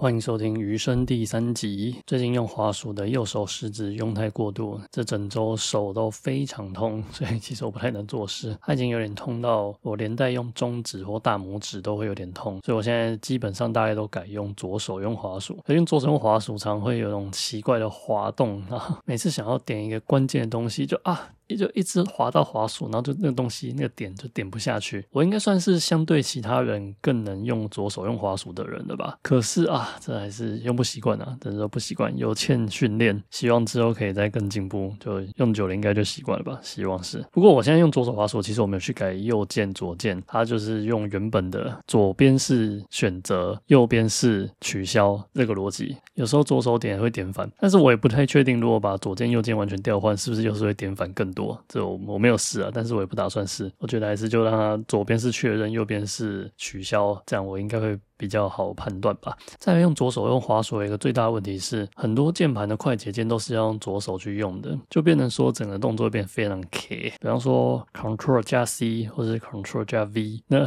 歡迎收聽《瑜聲》第三集。最近用滑鼠的右手食指用太過度，這整周手都非常痛，所以其實我不太能做事。它已經有點痛到我連帶用中指或大拇指都會有點痛，所以我現在基本上大概都改用左手用滑鼠。而且用左手用滑鼠常會有種奇怪的滑動，每次想要點一個關鍵的東西就啊。也就一直滑到滑鼠，然後就那個東西那個點就點不下去。我應該算是相對其他人更能用左手用滑鼠的人了吧？可是啊，這還是用不習慣啊。只能說不習慣，有欠訓練。希望之後可以再更進步。就用久了應該就習慣了吧？希望是。不過我現在用左手滑鼠，其實我沒有去改右鍵左鍵，它就是用原本的左邊是選擇，右邊是取消這個邏輯。有時候左手點也會點反，但是我也不太確定，如果把左鍵右鍵完全調換，是不是又是會點反更多？多，這我我沒有試啊，但是我也不打算試。我覺得還是就讓他左邊是確認，右邊是取消，這樣我應該會。比較好判斷吧。再來用左手用滑鼠，一個最大的問題是，很多鍵盤的快捷鍵都是要用左手去用的，就變成說整個動作變得非常卡，比方說 Control 加 C 或者 Control 加 V，那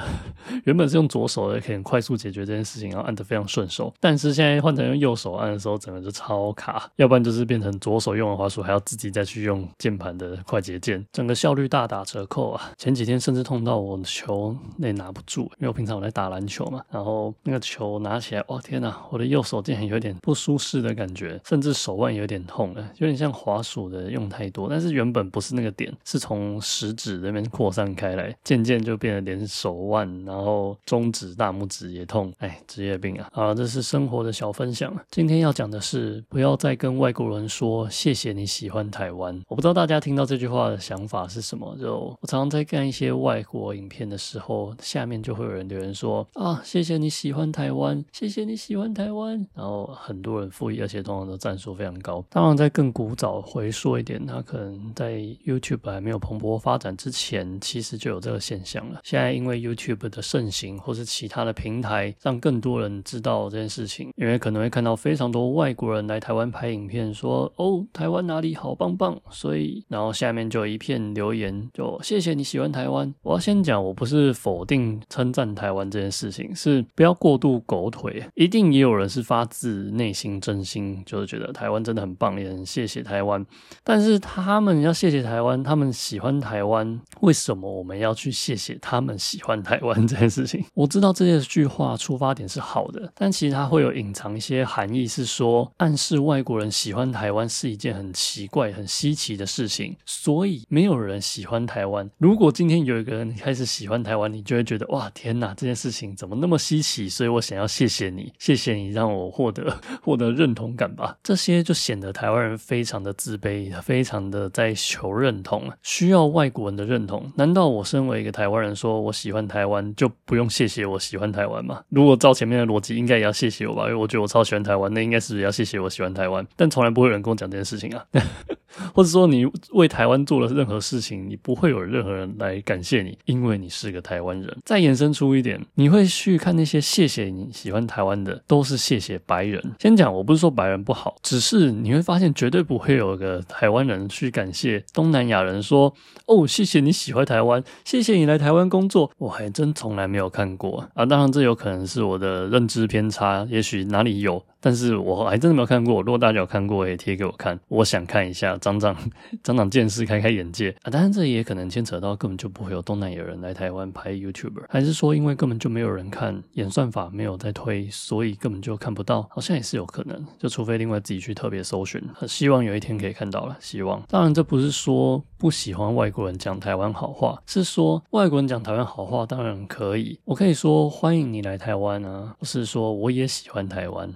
原本是用左手也可以很快速解決這件事情，然後按得非常順手。但是現在換成用右手按的時候，整個就超卡。要不然就是變成左手用完滑鼠，還要自己再去用鍵盤的快捷鍵，整個效率大打折扣啊。前幾天甚至痛到我的球那拿不住，因為我平常我在打籃球嘛，然後。那個球拿起來，哦，天哪！我的右手竟然有點不舒適的感覺，甚至手腕有點痛了，有點像滑鼠的用太多。但是原本不是那個點，是從食指那邊擴散開來，漸漸就變得連手腕，然後中指、大拇指也痛。哎，職業病啊！好，這是生活的小分享。今天要講的是，不要再跟外國人說謝謝你喜歡台灣。我不知道大家聽到這句話的想法是什麼？就我常常在看一些外國影片的時候，下面就會有人留言說啊，謝謝你喜。喜歡台灣，謝謝你喜歡台灣。然後很多人附議，而且通常都讚數非常高。當然，在更古早回溯一點，他可能在 YouTube 還沒有蓬勃發展之前，其實就有這個現象了。現在因為 YouTube 的盛行或是其他的平台，讓更多人知道這件事情，因為可能會看到非常多外國人來台灣拍影片，說：“哦，台灣哪裡好棒棒。”所以，然後下面就有一片留言，就謝謝你喜歡台灣。我要先講，我不是否定稱讚台灣這件事情，是不要。過度狗腿，一定也有人是發自內心真心，就是覺得台灣真的很棒，也很謝謝台灣。但是他們要謝謝台灣，他們喜歡台灣，為什麼我們要去謝謝他們喜歡台灣這件事情？我知道這些句話出發點是好的，但其實它會有隱藏一些含義，是說暗示外國人喜歡台灣是一件很奇怪、很稀奇的事情。所以沒有人喜歡台灣。如果今天有一個人開始喜歡台灣，你就會覺得，哇，天哪，這件事情怎麼那麼稀奇？所以我想要謝謝你，謝謝你讓我獲得獲得認同感吧。這些就顯得台灣人非常的自卑，非常的在求認同，需要外國人的認同。難道我身為一個台灣人，說我喜歡台灣，就不用謝謝我喜歡台灣嗎？如果照前面的邏輯，應該也要謝謝我吧，因為我覺得我超喜歡台灣，那應該是要謝謝我喜歡台灣。但從來不會有人跟我講這件事情啊， 或者說你為台灣做了任何事情，你不會有任何人來感謝你，因為你是個台灣人。再衍生出一點，你會去看那些。謝謝你喜歡台灣的，都是謝謝白人。先講，我不是說白人不好，只是你會發現絕對不會有個台灣人去感謝東南亞人說，哦，謝謝你喜歡台灣，謝謝你來台灣工作，我還真從來沒有看過啊。當然，這有可能是我的認知偏差，也許哪裡有。但是我還真的沒有看過，如果大家有看過，也貼給我看，我想看一下，長長長長見識，開開眼界啊！當然這也可能牽扯到根本就不會有東南亞人來台灣拍 YouTuber，還是說因為根本就沒有人看，演算法沒有在推，所以根本就看不到，好像也是有可能。就除非另外自己去特別搜尋。啊，希望有一天可以看到了，希望。當然這不是說不喜歡外國人講台灣好話，是說外國人講台灣好話當然可以，我可以說歡迎你來台灣啊，不是說我也喜歡台灣。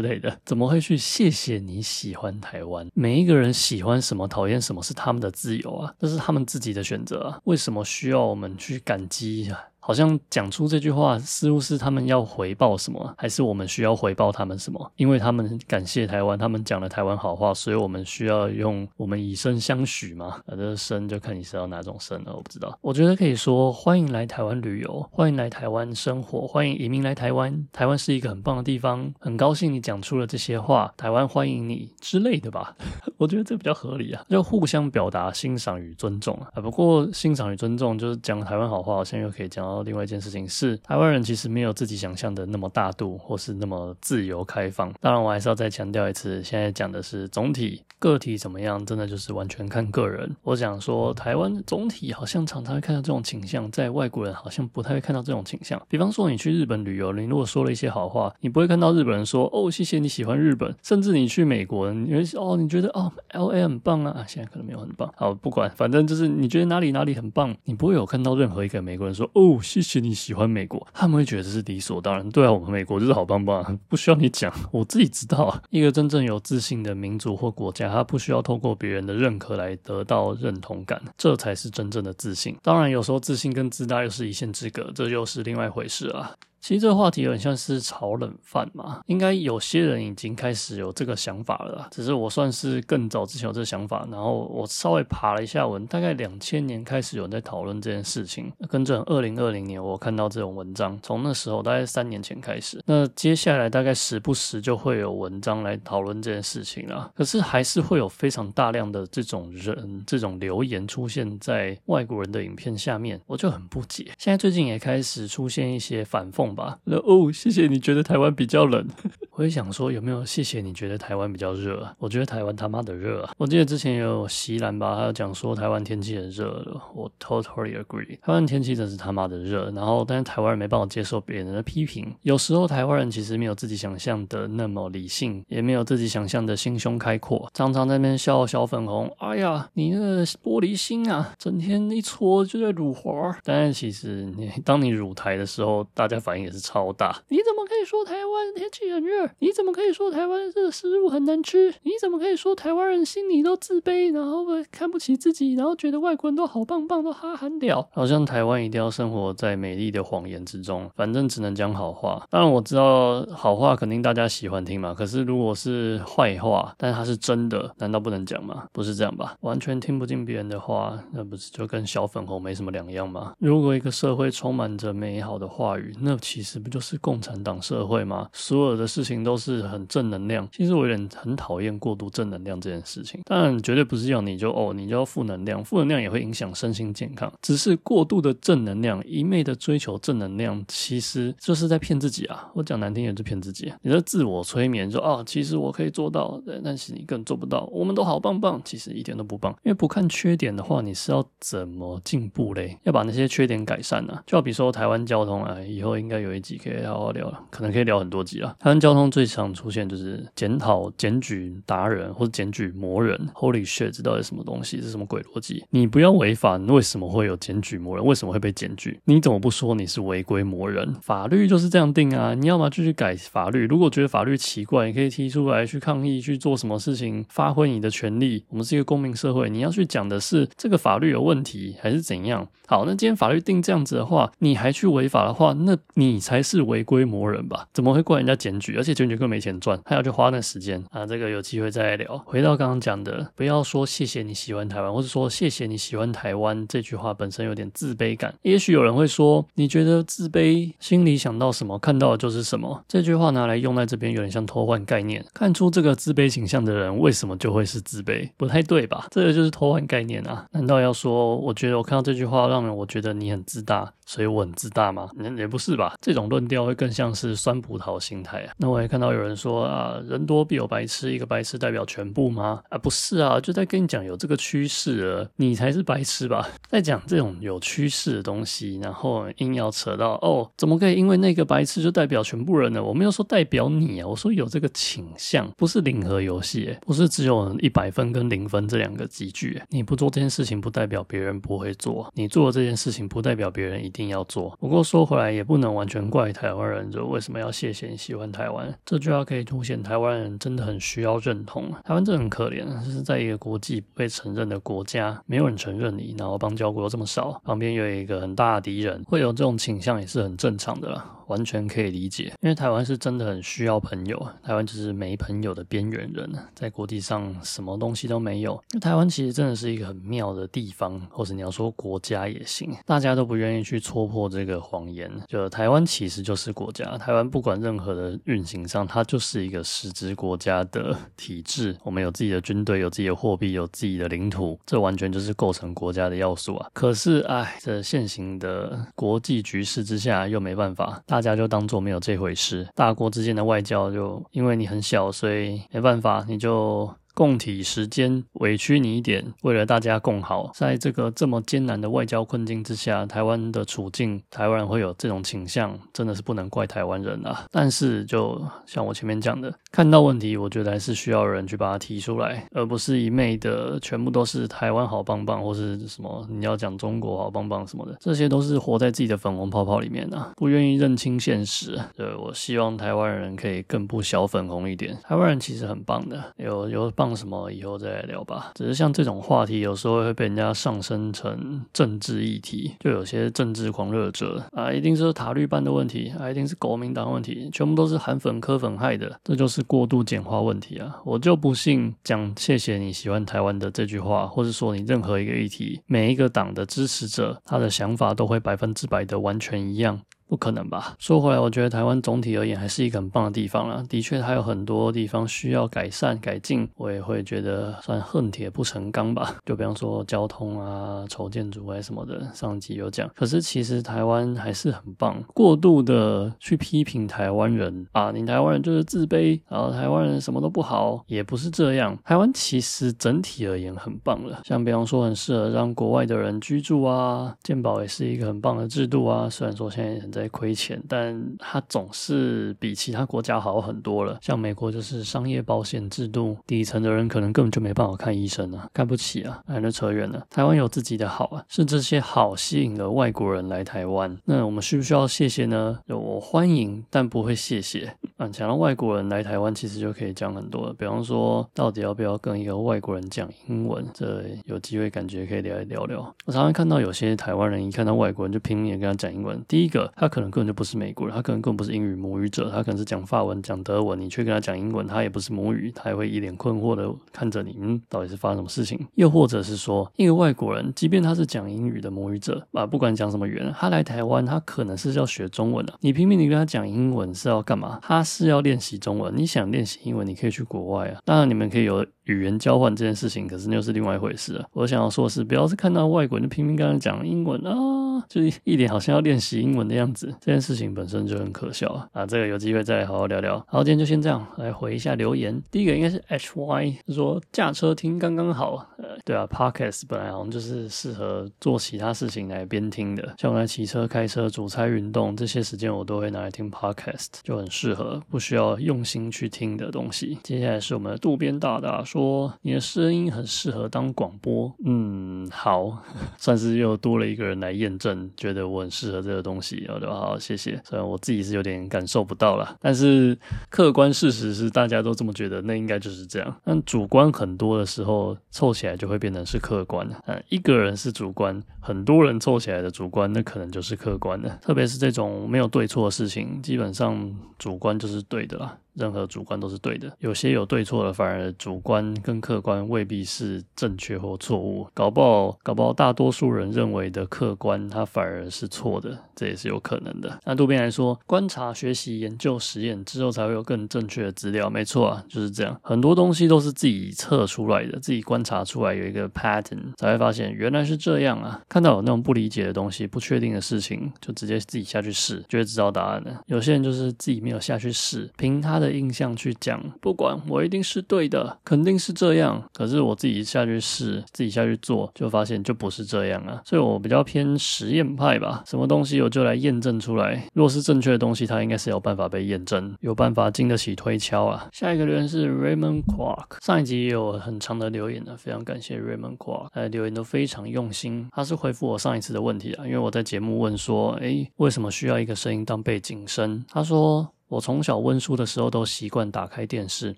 之類的，怎麼會去謝謝你喜歡台灣？每一個人喜歡什麼、討厭什麼是他們的自由啊，這是他們自己的選擇啊，為什麼需要我們去感激一下？好像講出這句話，似乎是他們要回報什麼，還是我們需要回報他們什麼？因為他們感謝台灣，他們講了台灣好話，所以我們需要用我們以身相許嗎？啊，這身就看你是要哪種身了，我不知道。我覺得可以說歡迎來台灣旅遊，歡迎來台灣生活，歡迎移民來台灣，台灣是一個很棒的地方，很高興你講出了這些話，台灣歡迎你之類的吧。 我覺得這比較合理啊，就互相表達欣賞與尊重啊。不過欣賞與尊重就是講台灣好話，我現在又可以講到。然後另外一件事情是，台灣人其實沒有自己想象的那麼大度，或是那麼自由開放。當然，我還是要再強調一次，現在講的是總體，個體怎麼樣，真的就是完全看個人。我想說，台灣總體好像常常會看到這種傾向，在外國人好像不太會看到這種傾向。比方說，你去日本旅遊，你如果說了一些好話，你不會看到日本人說哦，謝謝你喜歡日本。甚至你去美國，你會哦你覺得哦，LA 很棒啊，啊，現在可能沒有很棒。好，不管，反正就是你覺得哪裡哪裡很棒，你不會有看到任何一個美國人說哦。謝謝你喜歡美國，他們會覺得這是理所當然。對啊，我們美國就是好棒棒啊，不需要你講，我自己知道啊。一個真正有自信的民族或國家，他不需要透過別人的認可來得到認同感，這才是真正的自信。當然，有時候自信跟自大又是一線之隔，這又是另外一回事啊。其實這個話題有點像是炒冷飯嘛，應該有些人已經開始有這個想法了。只是我算是更早之前有這個想法，然後我稍微爬了一下文，大概兩千年開始有人在討論這件事情。跟著二零二零年我看到這種文章，從那時候大概三年前開始，那接下來大概時不時就會有文章來討論這件事情啦。可是還是會有非常大量的這種人、這種留言出現在外國人的影片下面，我就很不解。現在最近也開始出現一些反諷，吧，那哦，謝謝，你覺得台灣比較冷。 我也想說，有沒有謝謝？你覺得台灣比較熱？我覺得台灣他媽的熱啊！我記得之前有錫蘭吧，他有講說台灣天氣很熱的，我 totally agree。台灣天氣真是他媽的熱。然後，但是台灣人沒辦法接受別人的批評。有時候台灣人其實沒有自己想象的那麼理性，也沒有自己想象的心胸開闊。常常在那邊笑小粉紅，哎呀，你那個玻璃心啊，整天一戳就在乳滑。但是其實你當你辱台的時候，大家反應也是超大。你怎麼可以說台灣天氣很熱？你怎麼可以說台灣的食物很難吃？你怎麼可以說台灣人心裡都自卑，然後看不起自己，然後覺得外國人都好棒棒，都哈很屌？好像台灣一定要生活在美麗的謊言之中，反正只能講好話。當然我知道好話肯定大家喜歡聽嘛，可是如果是壞話，但是它是真的，難道不能講嗎？不是這樣吧？完全聽不進別人的話，那不是就跟小粉紅沒什麼兩樣嗎？如果一個社會充滿着美好的話語，那其實不就是共產黨社會嗎？所有的事情。都是很正能量，其實我有點很討厭過度正能量這件事情，但絕對不是要你就哦，你就要負能量，負能量也會影響身心健康。只是過度的正能量，一昧的追求正能量，其實就是在騙自己啊！我講難聽點是騙自己、啊，你在自我催眠說啊、哦，其實我可以做到，但是你更做不到。我們都好棒棒，其實一點都不棒，因為不看缺點的話，你是要怎麼進步嘞？要把那些缺點改善呢、啊？就好比說台灣交通啊、哎，以後應該有一集可以好好聊了，可能可以聊很多集啊，台灣交通。最常出現就是檢討、檢舉達人或者檢舉魔人，Holy shit，到底什麼東西？是什麼鬼邏輯？你不要違法，你為什麼會有檢舉魔人？為什麼會被檢舉？你怎麼不說你是違規魔人？法律就是這樣定啊，你要麼就去改法律。如果覺得法律奇怪，你可以提出來去抗議，去做什麼事情，發揮你的權利。我們是一個公民社會，你要去講的是這個法律有問題，還是怎樣？好，那今天法律定這樣子的話，你還去違法的話，那你才是違規魔人吧？怎麼會怪人家檢舉？而且。就你就更沒錢賺，還要去花那時間啊，這個有機會再來聊。回到剛剛講的，不要說謝謝你喜歡台灣，或是說謝謝你喜歡台灣這句話本身有點自卑感。也許有人會說，你覺得自卑，心裡想到什麼，看到的就是什麼。這句話拿來用在這邊，有點像偷換概念。看出這個自卑形象的人，為什麼就會是自卑？不太對吧？這個就是偷換概念啊！難道要說，我覺得我看到這句話，讓人我覺得你很自大，所以我很自大嗎？也也不是吧。這種論調會更像是酸葡萄心態啊。那我。看到有人說啊，人多必有白痴，一個白痴代表全部嗎？啊，不是啊，就在跟你講有這個趨勢，你才是白痴吧？在講這種有趨勢的東西，然後硬要扯到哦，怎麼可以因為那個白痴就代表全部人呢？我沒有說代表你啊，我說有這個傾向，不是零和遊戲、欸，不是只有一百分跟零分這兩個級距、欸。你不做這件事情，不代表別人不會做；你做的這件事情，不代表別人一定要做。不過說回來，也不能完全怪台灣人，就為什麼要謝謝你喜歡台灣。這句話可以凸顯台灣人真的很需要認同。台灣真的很可憐，是在一個國際不被承認的國家，沒有人承認你，然後邦交國又這麼少，旁邊又有一個很大的敵人，會有這種傾向也是很正常的。完全可以理解，因為台灣是真的很需要朋友。台灣就是沒朋友的邊緣人，在國際上什麼東西都沒有。那台灣其實真的是一個很妙的地方，或者你要說國家也行，大家都不願意去戳破這個謊言。就台灣其實就是國家，台灣不管任何的運行上，它就是一個實質國家的體制。我們有自己的軍隊，有自己的貨幣，有自己的領土，這完全就是構成國家的要素啊。可是，哎，這現行的國際局勢之下又沒辦法。大家就當做沒有這回事。大國之間的外交就，就因為你很小，所以沒辦法，你就。共體時間，委屈你一點，為了大家共好，在這個這麼艱難的外交困境之下，台灣的處境，台灣人會有這種傾向，真的是不能怪台灣人啊。但是就像我前面講的，看到問題，我覺得還是需要人去把它提出來，而不是一味的全部都是台灣好棒棒，或是什麼你要講中國好棒棒什麼的，這些都是活在自己的粉紅泡泡裡面啊，不願意認清現實。對，我希望台灣人可以更不小粉紅一點，台灣人其實很棒的，有有棒。放什麼以後再聊吧。只是像這種話題，有時候會被人家上升成政治議題，就有些政治狂熱者啊，一定是塔綠班的問題，啊、一定是國民黨問題，全部都是韓粉、科粉害的，這就是過度簡化問題啊！我就不信，講謝謝你喜歡台灣的這句話，或者說你任何一個議題，每一個黨的支持者，他的想法都會百分之百的完全一樣。不可能吧？說回來，我覺得台灣總體而言還是一個很棒的地方啦。的確還有很多地方需要改善改進，我也會覺得算恨鐵不成鋼吧。就比方說交通啊、醜建築啊什麼的，上集有講。可是其實台灣還是很棒。過度的去批評台灣人啊，你台灣人就是自卑，然後台灣人什麼都不好，也不是這樣。台灣其實整體而言很棒了。像比方說很適合讓國外的人居住啊，健保也是一個很棒的制度啊。雖然說現在人在。虧錢，但他總是比其他國家好很多了。像美國就是商業保險制度，底層的人可能根本就沒辦法看醫生啊，看不起啊。哎，那就扯遠了。台灣有自己的好啊，是這些好吸引了外國人來台灣。那我們需不需要謝謝呢？我歡迎，但不會謝謝。嗯、啊，想讓外國人來台灣，其實就可以講很多了。比方說，到底要不要跟一個外國人講英文？這有機會感覺可以聊一聊聊。我常常看到有些台灣人一看到外國人就拼命的跟他講英文。第一個。他可能根本就不是美國人，他可能更不是英語母語者，他可能是講法文、講德文，你卻跟他講英文，他也不是母語，他也會一臉困惑的看着你，嗯，到底是發生什麼事情？又或者是說，一個外國人，即便他是講英語的母語者啊，不管講什麼語言，他來台灣，他可能是要學中文的啊。你拼命你跟他講英文是要幹嘛？他是要練習中文，你想練習英文，你可以去國外啊。當然，你們可以有語言交換這件事情，可是那又是另外一回事啊。我想要說的是，不要是看到外國人就拼命跟他講英文啊。就是一點好像要練習英文的樣子，這件事情本身就很可笑啊！啊，這個有機會再來好好聊聊。好，今天就先這樣來回一下留言。第一個應該是 H Y，說駕車聽剛剛好。呃，對啊，Podcast 本來好像就是適合做其他事情來邊聽的，像我在騎車、開車、煮菜、運動這些時間，我都會拿來聽 Podcast，就很適合，不需要用心去聽的東西。接下來是我們的渡邊大大說，你的聲音很適合當廣播。嗯，好， 算是又多了一個人來驗證。覺得我很適合這個東西，好的，好，謝謝。雖然我自己是有點感受不到啦，但是客觀事實是大家都這麼覺得，那應該就是這樣。但主觀很多的時候，湊起來就會變成是客觀的。一個人是主觀，很多人湊起來的主觀，那可能就是客觀的。特別是這種沒有對錯的事情，基本上主觀就是對的啦。任何主觀都是對的，有些有對錯的，反而主觀跟客觀未必是正確或錯誤，搞不好，搞不好大多數人認為的客觀，它反而是錯的，這也是有可能的。那渡邊來說，觀察、學習、研究、實驗之後，才會有更正確的資料。沒錯啊，就是這樣，很多東西都是自己測出來的，自己觀察出來有一個 pattern，才會發現原來是這樣啊。看到有那種不理解的東西、不確定的事情，就直接自己下去試，就會知道答案了。有些人就是自己沒有下去試，憑他的。的印象去講，不管我一定是對的，肯定是這樣。可是，我自己下去試，自己下去做，就發現就不是這樣啊。所以我比較偏實驗派吧，什麼東西我就來驗證出來。若是正確的東西，它應該是有辦法被驗證，有辦法經得起推敲啊。下一個留言是 Raymond Quark，上一集也有很長的留言啊，非常感謝 Raymond Quark，他的留言都非常用心。他是回復我上一次的問題啊，因為我在節目問說，哎、欸，為什麼需要一個聲音當背景聲？他說，我從小溫書的時候都習慣打開電視，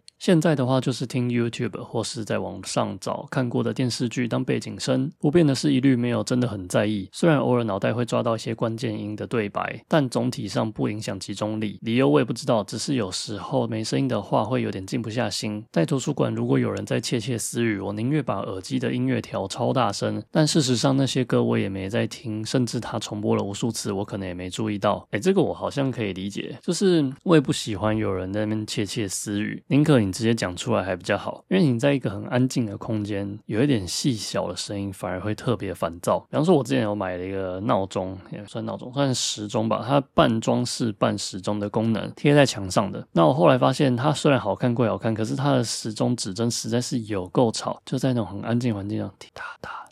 現在的話就是聽 YouTube 或是在網上找看過的電視劇當背景聲。不變的是，一律沒有真的很在意。雖然偶爾腦袋會抓到一些關鍵音的對白，但總體上不影響集中力。理由我也不知道，只是有時候沒聲音的話會有點靜不下心。在圖書館，如果有人在竊竊私語，我寧願把耳機的音樂調超大聲。但事實上，那些歌我也沒在聽，甚至它重播了無數次，我可能也沒注意到。誒，這個我好像可以理解，就是。我也不喜歡有人在那邊竊竊私語，寧可你直接講出來還比較好，因為你在一個很安靜的空間，有一點細小的聲音反而會特別煩躁。比方說，我之前有買了一個鬧鐘，也算鬧鐘，算時鐘吧，它半裝飾半時鐘的功能，貼在牆上的。那我後來發現，它雖然好看，歸好看，可是它的時鐘指針實在是有夠吵，就在那種很安靜的環境上，滴答答。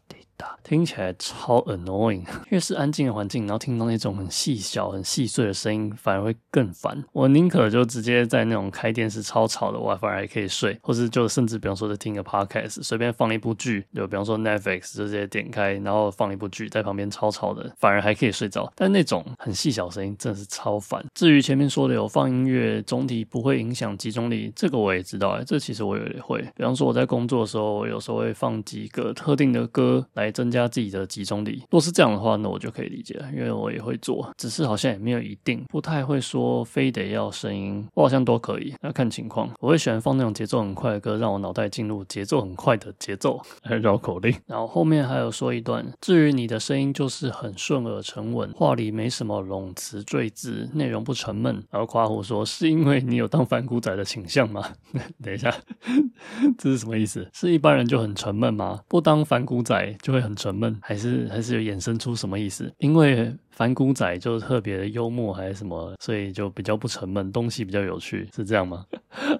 聽起來超 annoying，越是安靜的環境，然後聽到那種很細小、很細碎的聲音，反而會更煩。我寧可就直接在那種開電視超吵的，我反而還可以睡，或是就甚至比方說是聽個 podcast，隨便放一部劇，就比方說 Netflix，直接點開，然後放一部劇在旁邊超吵的，反而還可以睡着。但那種很細小聲音真的是超煩。至於前面說的有放音樂，總體不會影響集中力，這個我也知道，哎，這其實我也會。比方說我在工作的時候，有時候會放幾個特定的歌來。來增加自己的集中力。若是這樣的話，那我就可以理解了，因為我也會做，只是好像也沒有一定，不太會說非得要聲音，我好像都可以，那看情況。我會喜歡放那種節奏很快的歌，讓我腦袋進入節奏很快的節奏，還繞口令。然後後面還有說一段，至於你的聲音就是很順耳沉穩，話裡沒什麼冗詞贅字，內容不沉悶。然後誇胡說是因為你有當反骨仔的傾向嗎？ 等一下， 這是什麼意思？是一般人就很沉悶嗎？不當反骨仔就。會很沉悶，還是還是有衍生出什麼意思？因為。反骨仔，就特別的幽默還是什麼？所以就比較不沉悶，東西比較有趣，是這樣嗎？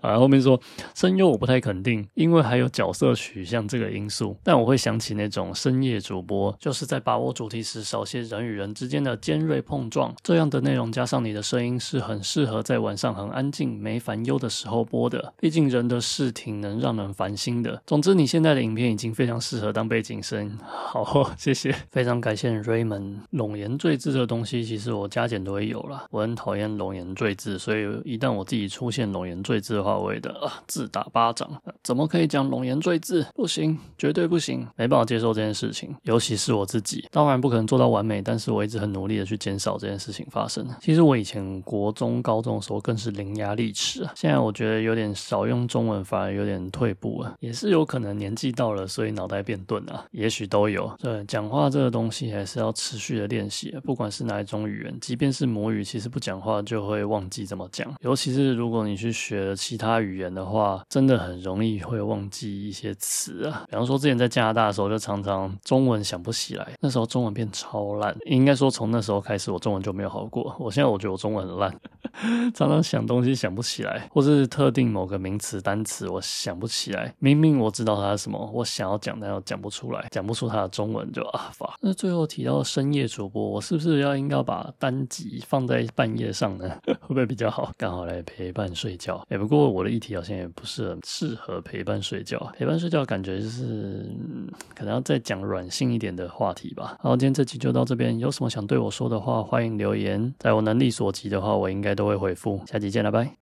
啊， 後面說聲優我不太肯定，因為還有角色取向這個因素，但我會想起那種深夜主播，就是在把握主題時少些人與人之間的尖銳碰撞，這樣的內容加上你的聲音是很適合在晚上很安靜沒煩憂的時候播的，畢竟人的事挺能讓人煩心的。總之，你現在的影片已經非常適合當背景聲。好，謝謝，非常感謝 Raymond 龍巖最。字這個東西，其實我加減都會有了。我很討厭冗言贅字，所以一旦我自己出現冗言贅字的話，我也會的、呃、自打巴掌、呃。怎麼可以講冗言贅字？不行，絕對不行，沒辦法接受這件事情。尤其是我自己，當然不可能做到完美，但是我一直很努力的去減少這件事情發生。其實我以前國中、高中的時候更是伶牙俐齒啊，現在我覺得有點少用中文，反而有點退步了。也是有可能年紀到了，所以腦袋變鈍啊，也許都有。對，講話這個東西還是要持續的練習。不管是哪一種語言，即便是母語，其實不講話就會忘記怎麼講。尤其是如果你去學其他語言的話，真的很容易會忘記一些詞啊。比方說，之前在加拿大的時候，就常常中文想不起來。那時候中文變超爛，應該說從那時候開始，我中文就沒有好過。我現在我覺得我中文很爛。 常常想東西想不起來，或是特定某個名詞、單詞，我想不起來。明明我知道它是什麼，我想要講，但又講不出來，講不出它的中文就阿、啊、法。那最後提到深夜主播，我是不是要應該把單集放在半夜上呢？ 會不會比較好？剛好來陪伴睡覺。哎、欸，不過我的議題好像也不是很適合陪伴睡覺。陪伴睡覺感覺就是、嗯、可能要再講軟性一點的話題吧。好，今天這集就到這邊。有什麼想對我說的話，歡迎留言。在我能力所及的話，我應該都。都會回覆，下期見了，拜拜。